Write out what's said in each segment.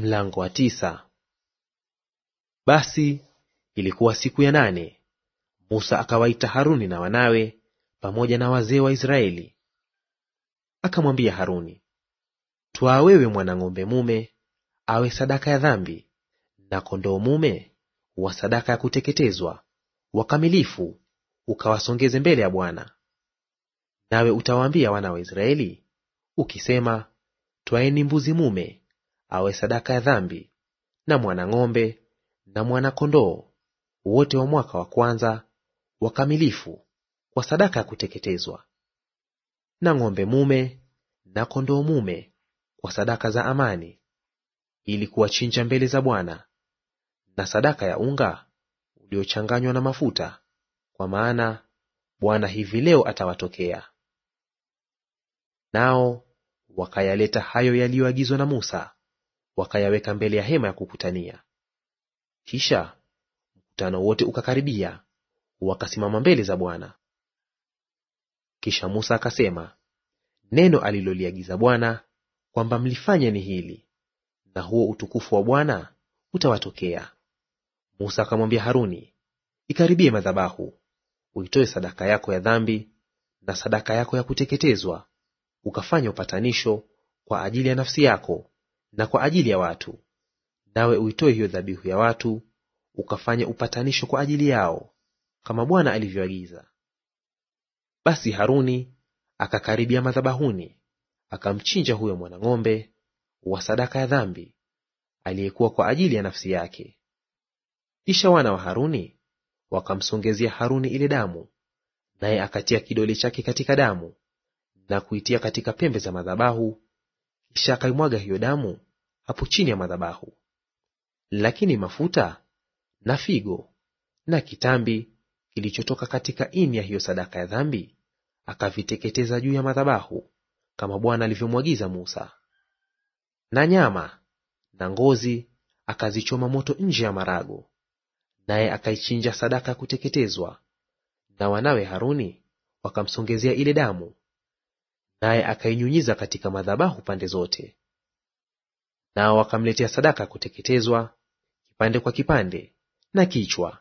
Mlango wa tisa. Basi ilikuwa siku ya nane, Musa akawaita Haruni na wanawe pamoja na wazee wa Israeli, akamwambia Haruni, twaa wewe mwana ng'ombe mume awe sadaka ya dhambi, na kondoo mume wa sadaka ya kuteketezwa wakamilifu, ukawasongeze mbele ya Bwana. Nawe utawaambia wana wa Israeli ukisema, twaeni mbuzi mume awe sadaka ya dhambi na mwana-ng'ombe na mwana-kondoo wote wa mwaka wa kwanza wakamilifu kwa sadaka ya kuteketezwa, na ng'ombe mume na kondoo mume kwa sadaka za amani, ili kuwachinja mbele za Bwana, na sadaka ya unga uliochanganywa na mafuta, kwa maana Bwana hivi leo atawatokea. Nao wakayaleta hayo yaliyoagizwa na Musa wakayaweka mbele ya hema ya kukutania. Kisha mkutano wote ukakaribia, wakasimama mbele za Bwana. Kisha Musa akasema, neno aliloliagiza Bwana kwamba mlifanye ni hili, na huo utukufu wa Bwana utawatokea. Musa akamwambia Haruni, ikaribie madhabahu, uitoe sadaka yako ya dhambi na sadaka yako ya kuteketezwa, ukafanya upatanisho kwa ajili ya nafsi yako na kwa ajili ya watu, nawe uitoe hiyo dhabihu ya watu ukafanye upatanisho kwa ajili yao kama Bwana alivyoagiza. Basi Haruni akakaribia madhabahuni akamchinja huyo mwanang'ombe wa sadaka ya dhambi aliyekuwa kwa ajili ya nafsi yake. Kisha wana wa Haruni wakamsongezea Haruni ile damu, naye akatia kidole chake katika damu na kuitia katika pembe za madhabahu kisha akaimwaga hiyo damu hapo chini ya madhabahu. Lakini mafuta na figo na kitambi kilichotoka katika ini ya hiyo sadaka ya dhambi akaviteketeza juu ya madhabahu kama Bwana alivyomwagiza Musa. Na nyama na ngozi akazichoma moto nje ya marago, naye akaichinja sadaka ya kuteketezwa, na wanawe Haruni wakamsongezea ile damu naye akainyunyiza katika madhabahu pande zote. Nao wakamletea sadaka ya kuteketezwa kipande kwa kipande na kichwa,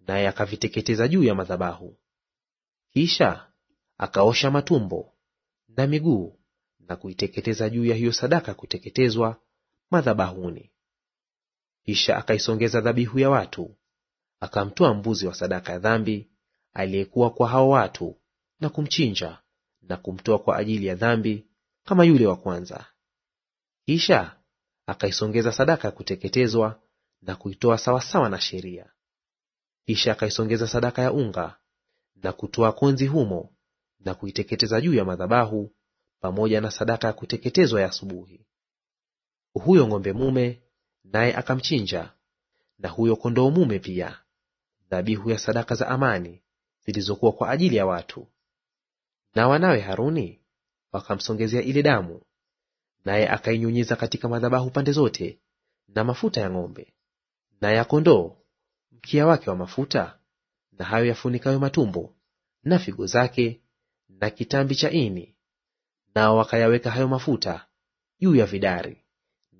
naye akaviteketeza juu ya madhabahu. Kisha akaosha matumbo na miguu na kuiteketeza juu ya hiyo sadaka ya kuteketezwa madhabahuni. Kisha akaisongeza dhabihu ya watu, akamtoa mbuzi wa sadaka ya dhambi aliyekuwa kwa hao watu na kumchinja na kumtoa kwa ajili ya dhambi kama yule wa kwanza. Kisha akaisongeza sadaka ya kuteketezwa na kuitoa sawasawa na sheria. Kisha akaisongeza sadaka ya unga na kutoa konzi humo na kuiteketeza juu ya madhabahu pamoja na sadaka ya kuteketezwa ya asubuhi. Huyo ng'ombe mume naye akamchinja, na huyo kondoo mume pia, dhabihu ya sadaka za amani zilizokuwa kwa ajili ya watu. Na wanawe Haruni wakamsongezea ile damu, naye akainyunyiza katika madhabahu pande zote, na mafuta ya ng'ombe na ya kondoo, mkia wake wa mafuta, na hayo yafunikayo matumbo na figo zake, na kitambi cha ini. Nao wakayaweka hayo mafuta juu ya vidari,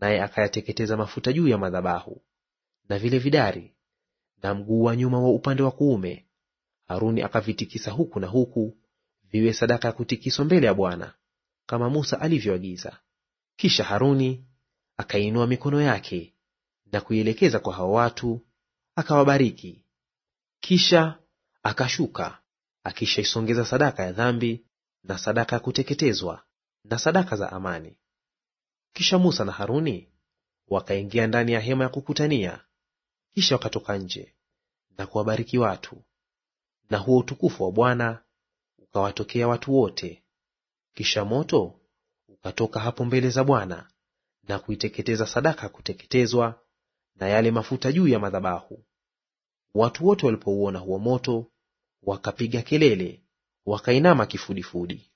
naye akayateketeza mafuta juu ya madhabahu na vile vidari na mguu wa nyuma wa upande wa kuume Haruni akavitikisa huku na huku viwe sadaka ya kutikiswa mbele ya Bwana kama Musa alivyoagiza. Kisha Haruni akainua mikono yake na kuielekeza kwa hao watu, akawabariki. Kisha akashuka akishaisongeza sadaka ya dhambi na sadaka ya kuteketezwa na sadaka za amani. Kisha Musa na Haruni wakaingia ndani ya hema ya kukutania, kisha wakatoka nje na kuwabariki watu. Na huo utukufu wa Bwana ukawatokea watu wote. Kisha moto ukatoka hapo mbele za Bwana na kuiteketeza sadaka ya kuteketezwa na yale mafuta juu ya madhabahu. Watu wote walipouona huo moto wakapiga kelele, wakainama kifudifudi.